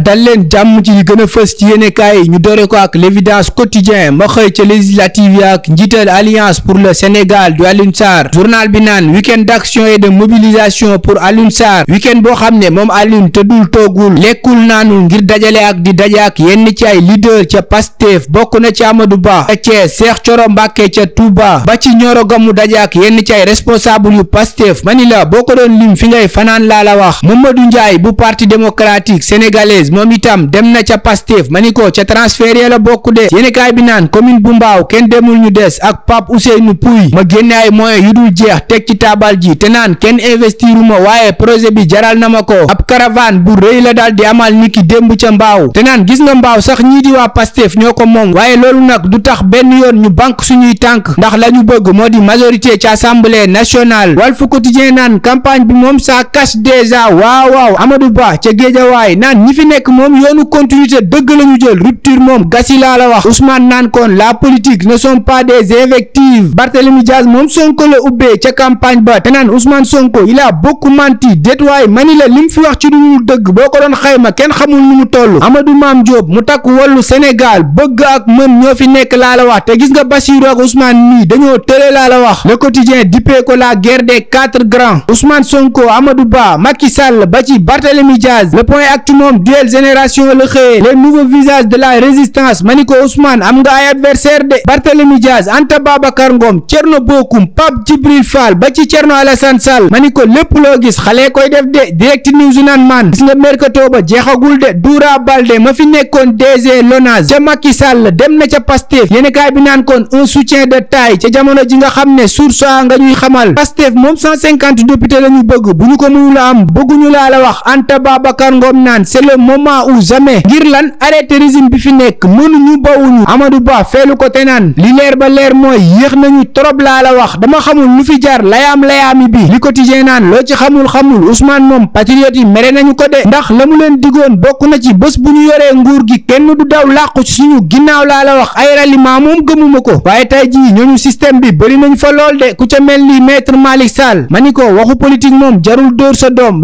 dal leen jàmm ci yi gën fës ci yéenekaay ñu dore ko ak l'évidence quotidien ma xëy ca législative yi ak alliance pour le Sénégal du Alioune Sarr journal bi naan week-end d'action et de mobilisation pour Alioune Sarr week-end boo xam ne moom Alioune tëddul toogul lekkul naanul ngir dajale ak di dajaak yenn ci ay leader ca Pastef bokk na ci Amadou Ba ca Thiès Cheikh Thioro ca Touba ba ci Nioro gamu mu yenn ci ay responsable yu Pastef mani la doon lim fi ngay fanaan laa la wax Mamadou Ndiaye bu parti démocratique sénégalais Diaz moom itam dem na ca Pastef ma ni ko ca transfert la bokk de yéenekaay bi naan commune bu Mbaaw kenn demul ñu des ak Pape Ousseynou Pouy ma génne ay moyens yu dul jeex teg ci taabal ji te naan kenn investiruma waaye projet bi jaral na ma ko ab caravane bu rëy la daal di amal niki demb ca Mbaaw te naan gis nga Mbaaw sax ñii di waa Pastef ñoo ko moom waaye loolu nag du tax benn yoon ñu banque suñuy tànk ndax la ñu bëgg moo di majorité ci assemblée nationale Walf Quotidien naan campagne bi moom saa cash déjà nekk moom yoonu continuité dëgg la ñu jël rupture moom gasi laa la wax Ousmane naan kon la politique ne sont pas des invectives Barthélemy Diaz moom Sonko la ubbee ca campagne a beaucoup menti détoy mani la lim fi wax ci lu dëgg boo ko doon xayma kenn xamul nu toll Amadou Mame Diop mu takk wallu Sénégal bëgg ak mën ñoo fi nekk laa la wax te gis nga Bassirou ak Ousmane mii dañoo tële laa la wax le quotidien dippee ko la guerre des quatre grands Ousmane Sonko Amadou Ba Macky Sall ba ci Barthélemy Diaz nouvelle génération la xëyee les nouveaux visages de la résistance Maniko Ousmane am nga ay adversaire de Barthélemy Diaz Anta Babacar Ngom Thierno Bocoum Pape Djibril Fall ba ci Thierno Alassane Sall Maniko lépp loo gis xale koy def de direct news naan man gis nga mercato ba jeexagul de Doura Baldé ma fi nekkoon DG Lonase ca Macky Sall dem na ca Pastef yéenekaay bi naan kon un soutien de taille ca jamono ji nga xam ne source nga ñuy xamal Pastef moom 150 députés la ñu bëgg bu ñu a moment ou jamais ngir lan arrêté régime bi fi nekk mënuñu bawuñu Amadou Ba feelu ko te naan li leer ba leer mooy yéex nañu trop laa la wax dama xamul lu fi jar layaam layaami bi li quotidien naan loo ci xamul xamul Ousmane moom patriote yi mere nañu ko de ndax la mu leen digoon bokk na ci bés bu ñu yoree nguur gi kenn du daw làqu ci suñu ginnaaw laa la wax ay ralliement moom gëmuma ko waaye tey jii ñooñu système bi bëri nañ fa lool de ku ca mel ni maître Malick Sall ma ni ko waxu politique moom jarul dóor sa doom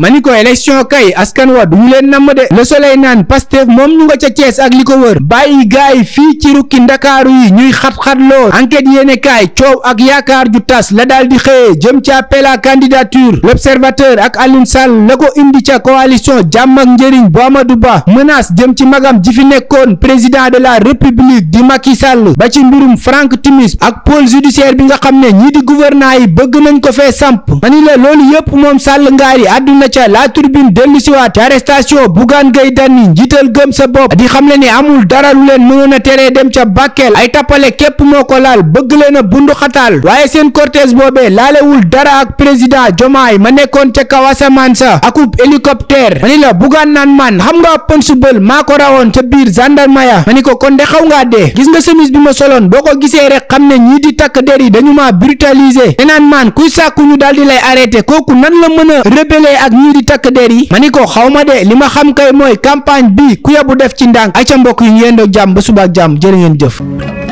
ma ni ko élection kay askan wa du ñu leen namm de le soleil naan pastef moom ñu nga ca Thiès ak li ko wër bàyyi gaay fii ci rukki ndakaaru yi ñuy xat-xatloo enquête yéene kaay coow ak yaakaar ju tas la daal di xëyee jëm ca appel à candidature l'observateur ak Alioune Sall la ko indi ca coalition jàmm ak njëriñ bu Amadou Ba menace jëm ci magam ji fi nekkoon président de la république di Macky Sall ba ci mbirum Franck Timis ak pôle judiciaire bi nga xam ne ñii yi bëgg Sall ngaari àdduna ca la turbine dellu siwaat ci arrestation Bougane Gueye Dany njiital gëm sa bopp di xamle ni amul dara lu leen mënoon a teree dem ca Bakel ay tappale képp moo ko laal bëgg leen a bundu xataal waaye seen cortège boobee laalewul dara ak ma nekkoon ca kaw sa akub hélicoptère ma ni la Bougane naan man xam nga pënsubal maa ko rawoon ca biir gendarmerie ma ni ko kon de xaw ngaa dee gis nga chemise bi ma soloon boo ko gisee rek xam ne ñii di takk der yi dañu ma brutaliser te naan man kuy sàkku ñu lay arrêté kooku nan la mën a rebeller ak ñii di takk der yi ma ni ko xaw ma de li ma xam kay mooy campagne bi ku yabu def ci ndànk ay ca mbokk yi ngeen yendoo jàmm ba suba ak jàmm jëf